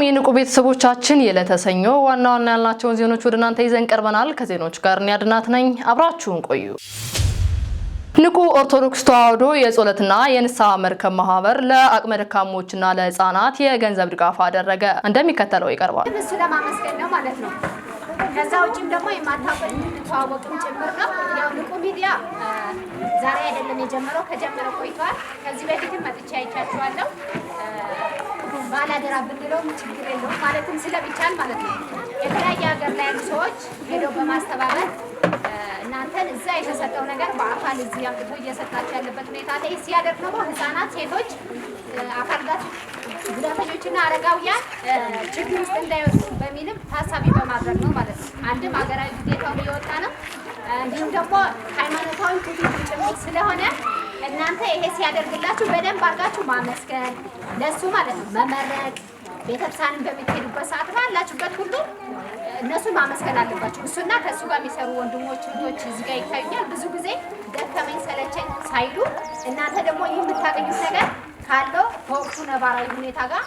በመጨረሻም የንቁ ቤተሰቦቻችን የለተሰኞ ዋና ዋና ያልናቸውን ዜኖች ወደ እናንተ ይዘን ቀርበናል። ከዜኖች ጋር እኔ አድናት ነኝ። አብራችሁን ቆዩ። ንቁ ኦርቶዶክስ ተዋሕዶ የጸሎትና የንስሐ መርከብ ማህበር ለአቅመ ደካሞችና ለህፃናት የገንዘብ ድጋፍ አደረገ። እንደሚከተለው ይቀርባል። ስለማመስገን ነው ማለት ነው። ከዛ ውጭም ደግሞ የማታውቀው የምንተዋወቅም ጭምር ነው። ያው ንቁ ሚዲያ ዛሬ አይደለም የጀመረው፣ ከጀመረ ቆይቷል። ከዚህ በፊትም መጥቼ አይቻችኋለሁ። ባላደራ ብንለውም ችግር የለውም ማለትም ስለሚቻል ማለት ነው። የተለያየ ሀገር ላይ ያሉ ሰዎች ሄደው በማስተባበር እናንተን እዛ የተሰጠው ነገር በአካል እዚህ አምጥቶ እየሰጣቸው ያለበት ሁኔታ ላይ ሲያደርግ ነው። ህፃናት፣ ሴቶች፣ አካል ጉዳተኞችና አረጋውያን ችግር ውስጥ እንዳይወጡ በሚልም ታሳቢ በማድረግ ነው ማለት ነው። አንድም ሀገራዊ ግዴታው እየወጣ ነው፣ እንዲሁም ደግሞ ሃይማኖታዊ ትምህርት ጭምር ስለሆነ እናንተ ይሄ ሲያደርግላችሁ በደንብ አድርጋችሁ ማመስገን ለእሱ ማለት ነው። መመረቅ ቤተክርስቲያንን በምትሄዱበት ሰዓት ባላችሁበት ሁሉ እነሱን ማመስገን አለባችሁ። እሱና ከእሱ ጋር የሚሰሩ ወንድሞች ልጆች እዚህ ጋር ይታዩኛል። ብዙ ጊዜ ደከመኝ ሰለቸኝ ሳይሉ እናንተ ደግሞ ይህ የምታገኙት ነገር ካለው ከወቅቱ ነባራዊ ሁኔታ ጋር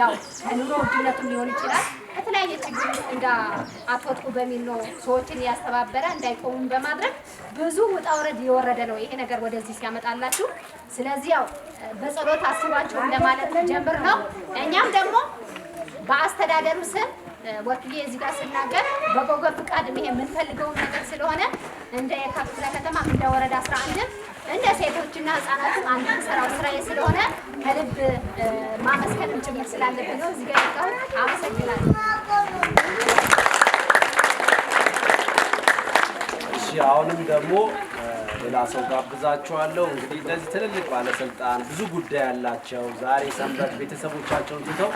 ያው ከኑሮ ውድነቱም ሊሆን ይችላል ከተለያየ ችግር እንዳትወጥቁ በሚል ነው ሰዎችን እያስተባበረ እንዳይቆሙም በማድረግ ብዙ ውጣ ውረድ የወረደ ነው ይሄ ነገር ወደዚህ ሲያመጣላችሁ። ስለዚህ ያው በጸሎት አስባችሁ ለማለት ጀምር ነው። እኛም ደግሞ በአስተዳደሩ ስም ወክዬ እዚህ ጋር ስናገር በጎገብ ፍቃድ ይሄ የምንፈልገውን ነገር ስለሆነ እንደ የካ ክፍለ ከተማ እንደ ወረዳ 11 እንደ ሴቶችና ህጻናትም አንድ ስራው ስራዬ ስለሆነ ከልብ ማመስገንም ጭምር ስላለብን ነው እዚህ ጋር የመጣሁት። አመሰግናለሁ። እሺ፣ አሁንም ደግሞ ሌላ ሰው ጋብዛቸዋለሁ። እንግዲህ እንደዚህ ትልልቅ ባለስልጣን ብዙ ጉዳይ ያላቸው ዛሬ ሰንበት ቤተሰቦቻቸውን ትተው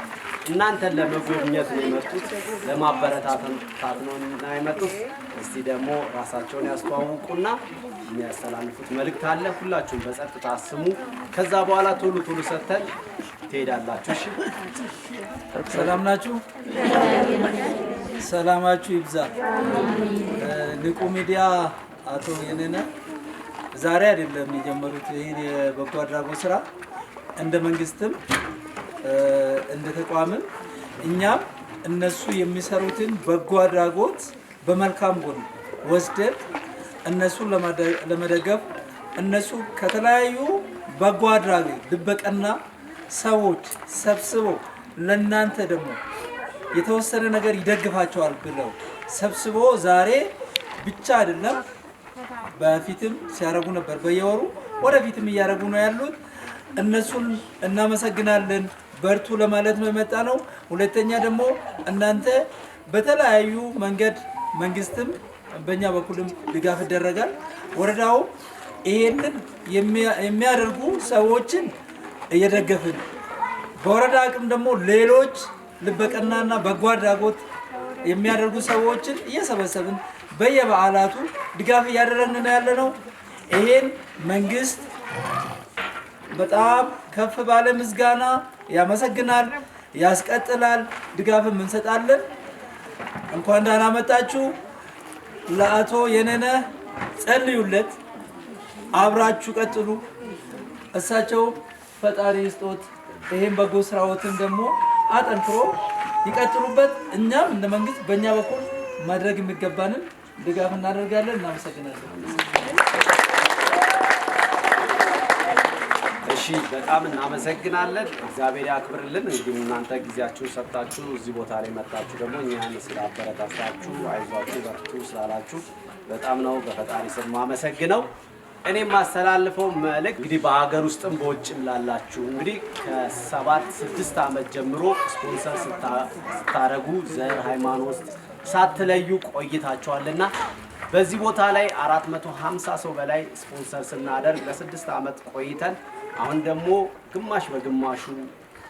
እናንተን ለመጎብኘት ነው የመጡት፣ ለማበረታታት ነው እና የመጡት። እስቲ ደግሞ ራሳቸውን ያስተዋውቁና የሚያስተላልፉት መልእክት አለ። ሁላችሁም በጸጥታ ስሙ። ከዛ በኋላ ቶሎ ቶሎ ሰተን ትሄዳላችሁ። እሺ፣ ሰላም ናችሁ? ሰላማችሁ ይብዛ። ንቁ ሚዲያ አቶ የነነ ዛሬ አይደለም የጀመሩት ይህን የበጎ አድራጎት ስራ እንደ መንግስትም እንደ ተቋምም እኛም እነሱ የሚሰሩትን በጎ አድራጎት በመልካም ጎን ወስደን እነሱን ለመደገፍ እነሱ ከተለያዩ በጎ አድራጊ ልበቀና ሰዎች ሰብስበው ለእናንተ ደግሞ የተወሰነ ነገር ይደግፋቸዋል ብለው ሰብስቦ ዛሬ ብቻ አይደለም፣ በፊትም ሲያደርጉ ነበር፣ በየወሩ ወደፊትም እያደረጉ ነው ያሉት። እነሱን እናመሰግናለን። በርቱ ለማለት ነው የመጣ ነው። ሁለተኛ ደግሞ እናንተ በተለያዩ መንገድ መንግስትም በእኛ በኩልም ድጋፍ ይደረጋል። ወረዳው ይሄንን የሚያደርጉ ሰዎችን እየደገፍን በወረዳ አቅም ደግሞ ሌሎች ልበቀናና በጎ አድራጎት የሚያደርጉ ሰዎችን እየሰበሰብን በየበዓላቱ ድጋፍ እያደረግን ያለ ነው። ይሄን መንግስት በጣም ከፍ ባለ ምስጋና ያመሰግናል፣ ያስቀጥላል፣ ድጋፍም እንሰጣለን። እንኳን ደህና መጣችሁ። ለአቶ የነነ ጸልዩለት፣ አብራችሁ ቀጥሉ። እሳቸው ፈጣሪ ስጦት ይህም በጎ ስራዎትን ደግሞ አጠንክሮ ይቀጥሉበት። እኛም እንደ መንግስት በእኛ በኩል ማድረግ የሚገባንን ድጋፍ እናደርጋለን። እናመሰግናለን። እሺ በጣም እናመሰግናለን። እግዚአብሔር ያክብርልን። እንግዲህ እናንተ ጊዜያችሁን ሰጥታችሁ እዚህ ቦታ ላይ መጣችሁ ደግሞ እኛን ስላበረታታችሁ አይዟችሁ በርቱ ስላላችሁ በጣም ነው በፈጣሪ ስም ማመሰግነው። እኔ ማስተላልፈው መልእክት እንግዲህ በሀገር ውስጥም በውጭም ላላችሁ እንግዲህ ከሰባት ስድስት ዓመት ጀምሮ ስፖንሰር ስታደረጉ ዘር ሃይማኖት ሳትለዩ ቆይታችኋልና በዚህ ቦታ ላይ 450 ሰው በላይ ስፖንሰር ስናደርግ ለስድስት ዓመት ቆይተን አሁን ደግሞ ግማሽ በግማሹ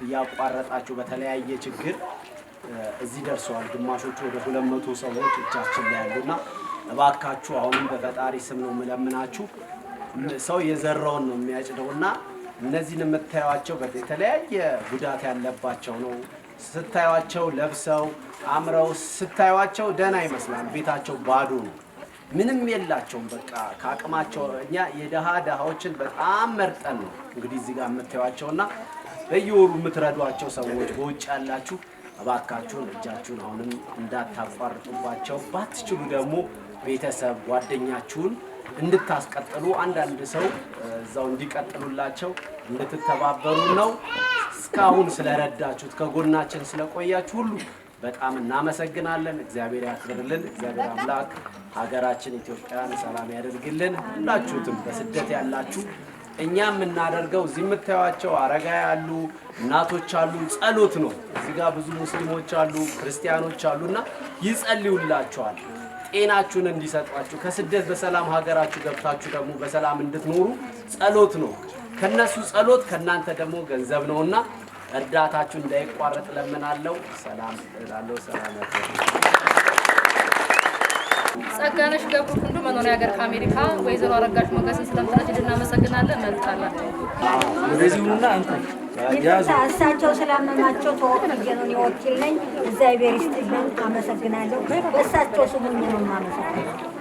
እያቋረጣቸው በተለያየ ችግር እዚህ ደርሰዋል። ግማሾቹ ወደ ሁለት መቶ ሰዎች እጃችን ላይ ያሉና እባካችሁ አሁንም በፈጣሪ ስም ነው የምለምናችሁ። ሰው የዘራውን ነው የሚያጭደው እና እነዚህን የምታዩቸው የተለያየ ጉዳት ያለባቸው ነው። ስታዩቸው ለብሰው አምረው ስታዩቸው ደህና ይመስላል፣ ቤታቸው ባዶ ነው። ምንም የላቸውም። በቃ ከአቅማቸው እኛ የደሃ ደሃዎችን በጣም መርጠን ነው እንግዲህ እዚህ ጋር የምታዩቸውና በየወሩ የምትረዷቸው ሰዎች በውጭ ያላችሁ እባካችሁን እጃችሁን አሁንም እንዳታቋርጡባቸው፣ ባትችሉ ደግሞ ቤተሰብ ጓደኛችሁን እንድታስቀጥሉ አንዳንድ ሰው እዛው እንዲቀጥሉላቸው እንድትተባበሩ ነው። እስካሁን ስለረዳችሁት ከጎናችን ስለቆያችሁ ሁሉ በጣም እናመሰግናለን። እግዚአብሔር ያክብርልን። እግዚአብሔር አምላክ ሀገራችን ኢትዮጵያን ሰላም ያደርግልን። ሁላችሁትም በስደት ያላችሁ እኛ የምናደርገው እዚህ የምታዩቸው አረጋ ያሉ እናቶች አሉ፣ ጸሎት ነው። እዚህ ጋር ብዙ ሙስሊሞች አሉ፣ ክርስቲያኖች አሉና ይጸልዩላችኋል። ጤናችሁን እንዲሰጧችሁ ከስደት በሰላም ሀገራችሁ ገብታችሁ ደግሞ በሰላም እንድትኖሩ ጸሎት ነው። ከነሱ ጸሎት ከእናንተ ደግሞ ገንዘብ ነውና እርዳታችሁ እንዳይቋረጥ ለምናለው። ሰላም ላለው ሰላም ጸጋነሽ ገብሩ ክንዱ መኖሪያ ሀገር ከአሜሪካ ወይዘሮ አረጋሽ ሞገስን ስለምትረጅ እናመሰግናለን። መልጣለን እንደዚሁና አንተ እሳቸው ስላመማቸው ተወክዬ ነው የወኪል ነኝ። እግዚአብሔር ይስጥልን። አመሰግናለሁ። በእሳቸው ስሙኝ ነው የማመሰግናለሁ።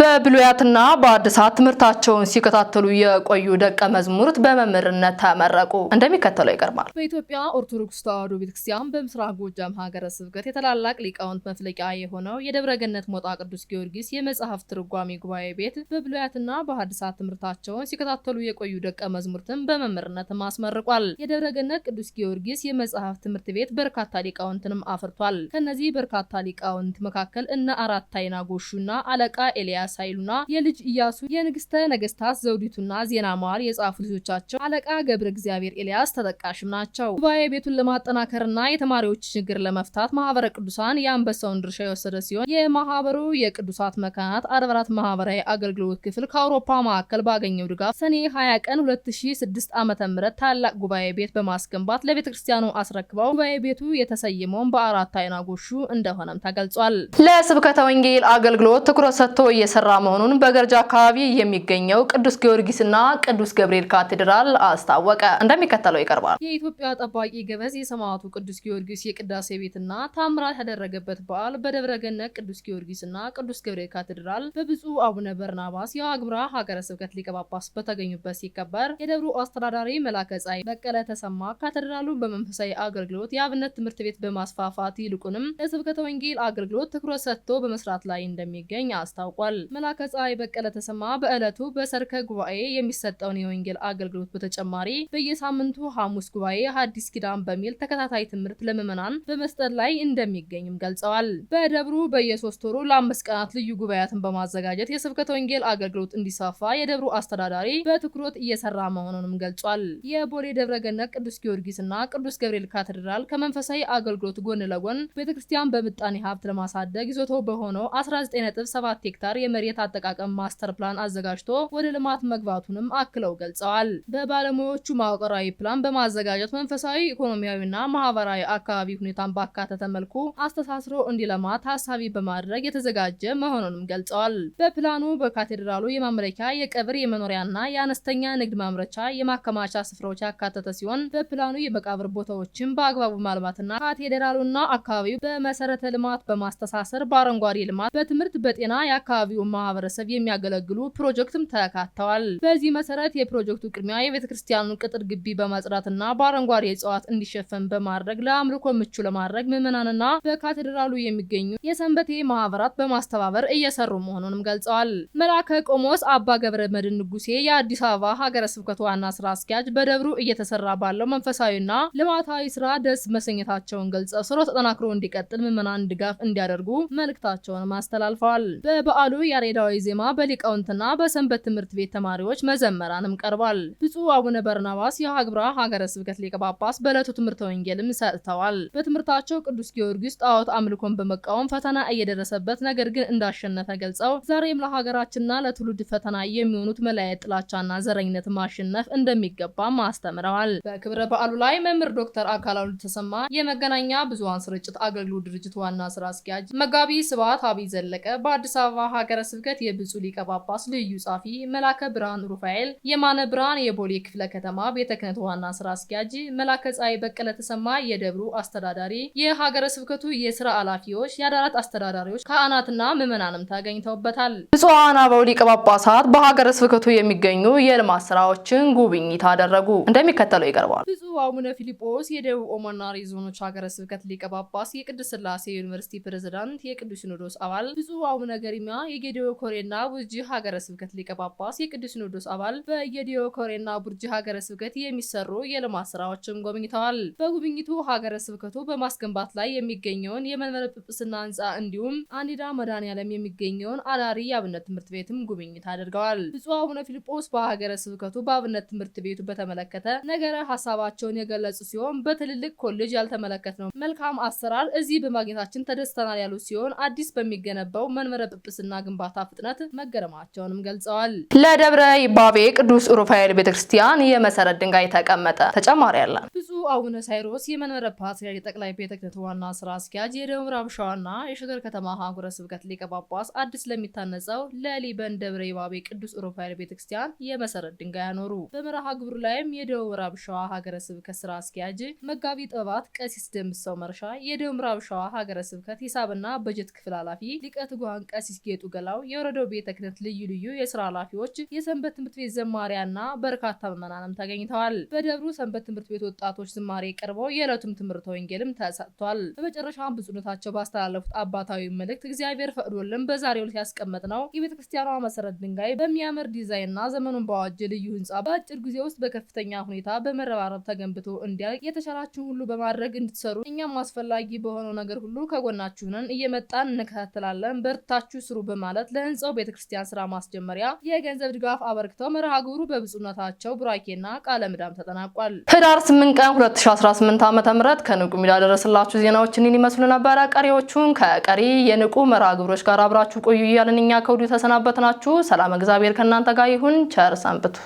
በብሉያትና በሐዲሳት ትምህርታቸውን ሲከታተሉ የቆዩ ደቀ መዝሙርት በመምህርነት ተመረቁ። እንደሚከተለው ይቀርባል። በኢትዮጵያ ኦርቶዶክስ ተዋሕዶ ቤተክርስቲያን በምስራቅ ጎጃም ሀገረ ስብከት የታላላቅ ሊቃውንት መፍለቂያ የሆነው የደብረገነት ሞጣ ቅዱስ ጊዮርጊስ የመጽሐፍ ትርጓሜ ጉባኤ ቤት በብሉያትና በሐዲሳት ትምህርታቸውን ሲከታተሉ የቆዩ ደቀ መዝሙርትን በመምህርነት አስመርቋል። የደብረገነት ቅዱስ ጊዮርጊስ የመጽሐፍ ትምህርት ቤት በርካታ ሊቃውንትንም አፍርቷል። ከነዚህ በርካታ ሊቃውንት መካከል እነ አራት አይና ጎሹና አለቃ ኤልያስ ሳይሉና የልጅ ኢያሱ የንግስተ ነገስታት ዘውዲቱና ዜና ማዋል የጻፉ ልጆቻቸው አለቃ ገብረ እግዚአብሔር ኤልያስ ተጠቃሽም ናቸው። ጉባኤ ቤቱን ለማጠናከርና የተማሪዎች ችግር ለመፍታት ማህበረ ቅዱሳን የአንበሳውን ድርሻ የወሰደ ሲሆን የማህበሩ የቅዱሳት መካናት አድባራት ማህበራዊ አገልግሎት ክፍል ከአውሮፓ ማዕከል ባገኘው ድጋፍ ሰኔ 20 ቀን 2006 ም ታላቅ ጉባኤ ቤት በማስገንባት ለቤተ ክርስቲያኑ አስረክበው ጉባኤ ቤቱ የተሰየመውን በአራት አይና ጎሹ እንደሆነም ተገልጿል። ለስብከተ ወንጌል አገልግሎት ትኩረት ሰጥቶ እየሰራ እየተሰራ መሆኑን በገርጃ አካባቢ የሚገኘው ቅዱስ ጊዮርጊስና ቅዱስ ገብርኤል ካቴድራል አስታወቀ። እንደሚከተለው ይቀርባል። የኢትዮጵያ ጠባቂ ገበዝ የሰማዕቱ ቅዱስ ጊዮርጊስ የቅዳሴ ቤትና ታምራት ያደረገበት በዓል በደብረ ገነት ቅዱስ ጊዮርጊስና ቅዱስ ገብርኤል ካቴድራል በብፁዕ አቡነ በርናባስ የአግብራ ሀገረ ስብከት ሊቀ ጳጳስ በተገኙበት ሲከበር የደብሩ አስተዳዳሪ መላከ ጸሐይ በቀለ ተሰማ ካቴድራሉን በመንፈሳዊ አገልግሎት የአብነት ትምህርት ቤት በማስፋፋት ይልቁንም ለስብከተ ወንጌል አገልግሎት ትኩረት ሰጥቶ በመስራት ላይ እንደሚገኝ አስታውቋል። መላከ ፀሐይ በቀለ ተሰማ በዕለቱ በሰርከ ጉባኤ የሚሰጠውን የወንጌል አገልግሎት በተጨማሪ በየሳምንቱ ሐሙስ ጉባኤ ሐዲስ ኪዳን በሚል ተከታታይ ትምህርት ለምዕመናን በመስጠት ላይ እንደሚገኝም ገልጸዋል። በደብሩ በየሶስት ወሩ ለአምስት ቀናት ልዩ ጉባኤያትን በማዘጋጀት የስብከተ ወንጌል አገልግሎት እንዲስፋፋ የደብሩ አስተዳዳሪ በትኩረት እየሰራ መሆኑንም ገልጿል። የቦሌ ደብረ ገነት ቅዱስ እና ቅዱስ ገብርኤል ካቴድራል ከመንፈሳዊ አገልግሎት ጎን ለጎን ቤተክርስቲያን በምጣኔ ሀብት ለማሳደግ ይዞታው በሆነው 19.7 ሄክታር የመሬት አጠቃቀም ማስተር ፕላን አዘጋጅቶ ወደ ልማት መግባቱንም አክለው ገልጸዋል። በባለሙያዎቹ መዋቅራዊ ፕላን በማዘጋጀት መንፈሳዊ፣ ኢኮኖሚያዊና ማህበራዊ አካባቢ ሁኔታን ባካተተ መልኩ አስተሳስሮ እንዲለማ ታሳቢ በማድረግ የተዘጋጀ መሆኑንም ገልጸዋል። በፕላኑ በካቴድራሉ የማምለኪያ፣ የቀብር፣ የመኖሪያና የአነስተኛ ንግድ ማምረቻ የማከማቻ ስፍራዎች ያካተተ ሲሆን በፕላኑ የመቃብር ቦታዎችን በአግባቡ ማልማትና ካቴድራሉና አካባቢው በመሰረተ ልማት በማስተሳሰር በአረንጓዴ ልማት፣ በትምህርት፣ በጤና የአካባቢው ማህበረሰብ የሚያገለግሉ ፕሮጀክትም ተካተዋል። በዚህ መሰረት የፕሮጀክቱ ቅድሚያ የቤተ ክርስቲያኑን ቅጥር ግቢ በማጽዳትና በአረንጓዴ እጽዋት እንዲሸፈን በማድረግ ለአምልኮ ምቹ ለማድረግ ምዕመናንና በካቴድራሉ የሚገኙ የሰንበቴ ማህበራት በማስተባበር እየሰሩ መሆኑንም ገልጸዋል። መልአከ ቆሞስ አባ ገብረ መድን ንጉሴ የአዲስ አበባ ሀገረ ስብከት ዋና ስራ አስኪያጅ በደብሩ እየተሰራ ባለው መንፈሳዊና ልማታዊ ስራ ደስ መሰኘታቸውን ገልጸው ስራው ተጠናክሮ እንዲቀጥል ምዕመናን ድጋፍ እንዲያደርጉ መልእክታቸውን አስተላልፈዋል። በበዓሉ ያሬዳዊ ዜማ በሊቃውንትና በሰንበት ትምህርት ቤት ተማሪዎች መዘመራንም ቀርቧል። ብፁዕ አቡነ በርናባስ የሀግብራ ሀገረ ስብከት ሊቀ ጳጳስ በዕለቱ ትምህርተ ወንጌልም ሰጥተዋል። በትምህርታቸው ቅዱስ ጊዮርጊስ ጣዖት አምልኮን በመቃወም ፈተና እየደረሰበት ነገር ግን እንዳሸነፈ ገልጸው ዛሬም ለሀገራችንና ለትውልድ ፈተና የሚሆኑት መለያየት፣ ጥላቻና ዘረኝነት ማሸነፍ እንደሚገባም አስተምረዋል። በክብረ በዓሉ ላይ መምህር ዶክተር አካላሉ ተሰማ የመገናኛ ብዙሀን ስርጭት አገልግሎት ድርጅት ዋና ስራ አስኪያጅ፣ መጋቢ ስብሐት አብይ ዘለቀ በአዲስ አበባ ሀገረ ስብከት የብጹ ሊቀ ጳጳስ ልዩ ጻፊ መላከ ብርሃን ሩፋኤል፣ የማነ ብርሃን የቦሌ ክፍለ ከተማ ቤተ ክህነት ዋና ስራ አስኪያጅ፣ መላከ ፀሐይ በቀለ ተሰማ የደብሩ አስተዳዳሪ፣ የሀገረ ስብከቱ የስራ ኃላፊዎች፣ የአዳራት አስተዳዳሪዎች፣ ካህናትና ምዕመናንም ተገኝተውበታል። ብፁዓን አበው ሊቀ ጳጳሳት በሀገረ ስብከቱ የሚገኙ የልማት ስራዎችን ጉብኝት አደረጉ። እንደሚከተለው ይቀርባል። ብፁዕ አቡነ ፊልጶስ የደቡብ ኦሞና ዞኖች ሀገረ ስብከት ሊቀ ጳጳስ፣ የቅድስት ስላሴ ዩኒቨርሲቲ ፕሬዝዳንት፣ የቅዱስ ሲኖዶስ አባል፣ ብፁዕ አቡነ ገሪማ የጌዴኦ የዲዮኮሬና ቡርጂ ሀገረ ስብከት ሊቀ ጳጳስ፣ የቅዱስ ሲኖዶስ አባል በየዲዮኮሬና ቡርጂ ሀገረ ስብከት የሚሰሩ የልማት ስራዎችም ጎብኝተዋል። በጉብኝቱ ሀገረ ስብከቱ በማስገንባት ላይ የሚገኘውን የመንበረ ጵጵስና ህንፃ እንዲሁም አኒዳ መድኃኔዓለም የሚገኘውን አዳሪ የአብነት ትምህርት ቤትም ጉብኝት አድርገዋል። ብፁዕ አቡነ ፊልጶስ በሀገረ ስብከቱ በአብነት ትምህርት ቤቱ በተመለከተ ነገረ ሀሳባቸውን የገለጹ ሲሆን በትልልቅ ኮሌጅ ያልተመለከትነው መልካም አሰራር እዚህ በማግኘታችን ተደስተናል ያሉ ሲሆን አዲስ በሚገነባው መንበረ ጵጵስና ግንባ ግንባታ ፍጥነት መገረማቸውንም ገልጸዋል። ለደብረ ይባቤ ቅዱስ ሩፋኤል ቤተክርስቲያን የመሰረት ድንጋይ ተቀመጠ። ተጨማሪ ያለን ብፁዕ አቡነ ሳይሮስ የመንበረ ፓትርያርክ ጠቅላይ ቤተ ክህነት ዋና ስራ አስኪያጅ፣ የደቡብ ምዕራብ ሸዋና የሸገር ከተማ ሀገረ ስብከት ሊቀ ጳጳስ አዲስ ለሚታነጸው ለሊበን ደብረ ይባቤ ቅዱስ ሩፋኤል ቤተክርስቲያን የመሰረት ድንጋይ አኖሩ። በመርሃ ግብሩ ላይም የደቡብ ምዕራብ ሸዋ ሀገረ ስብከት ስራ አስኪያጅ መጋቢ ጥበባት ቀሲስ ደምሰው መርሻ፣ የደቡብ ምዕራብ ሸዋ ሀገረ ስብከት ሂሳብና በጀት ክፍል ኃላፊ ሊቀ ትጉሃን ቀሲስ ጌጡ ገላ በመላው የወረዳው ቤተ ክህነት ልዩ ልዩ የስራ ኃላፊዎች፣ የሰንበት ትምህርት ቤት ዘማሪያና በርካታ ምዕመናንም ተገኝተዋል። በደብሩ ሰንበት ትምህርት ቤት ወጣቶች ዝማሬ ቀርበው የዕለቱም ትምህርተ ወንጌልም ተሰጥቷል። በመጨረሻም ብፁዕነታቸው ባስተላለፉት አባታዊ መልእክት እግዚአብሔር ፈቅዶልን በዛሬው ዕለት ነው የቤተ ክርስቲያኗ መሰረት ድንጋይ በሚያምር ዲዛይንና ዘመኑን በዋጀ ልዩ ህንፃ በአጭር ጊዜ ውስጥ በከፍተኛ ሁኔታ በመረባረብ ተገንብቶ እንዲያልቅ የተቻላችሁን ሁሉ በማድረግ እንድትሰሩ እኛም አስፈላጊ በሆነው ነገር ሁሉ ከጎናችሁ ነን፣ እየመጣን እንከታተላለን፣ በርታችሁ ስሩ በማለት በማለት ለህንፃው ቤተክርስቲያን ስራ ማስጀመሪያ የገንዘብ ድጋፍ አበርክተው መርሃ ግብሩ በብፁዕነታቸው ቡራኬና ቃለ ምዳም ተጠናቋል። ህዳር 8 ቀን 2018 ዓ.ም ከንቁ ሚዲያ ደረስላችሁ ዜናዎች እኒን ይመስሉ ነበረ። ቀሪዎቹን ከቀሪ የንቁ መርሃ ግብሮች ጋር አብራችሁ ቆዩ እያልን እኛ ከውዲሁ ናችሁ። ሰላም እግዚአብሔር ከእናንተ ጋር ይሁን። ቸር ሰንብቱ።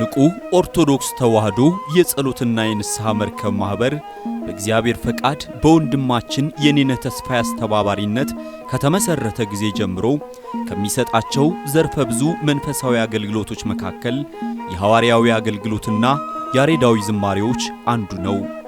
ንቁ ኦርቶዶክስ ተዋሕዶ የጸሎትና የንስሐ መርከብ ማህበር በእግዚአብሔር ፈቃድ በወንድማችን የኔነ ተስፋዬ አስተባባሪነት ከተመሰረተ ጊዜ ጀምሮ ከሚሰጣቸው ዘርፈ ብዙ መንፈሳዊ አገልግሎቶች መካከል የሐዋርያዊ አገልግሎትና ያሬዳዊ ዝማሬዎች አንዱ ነው።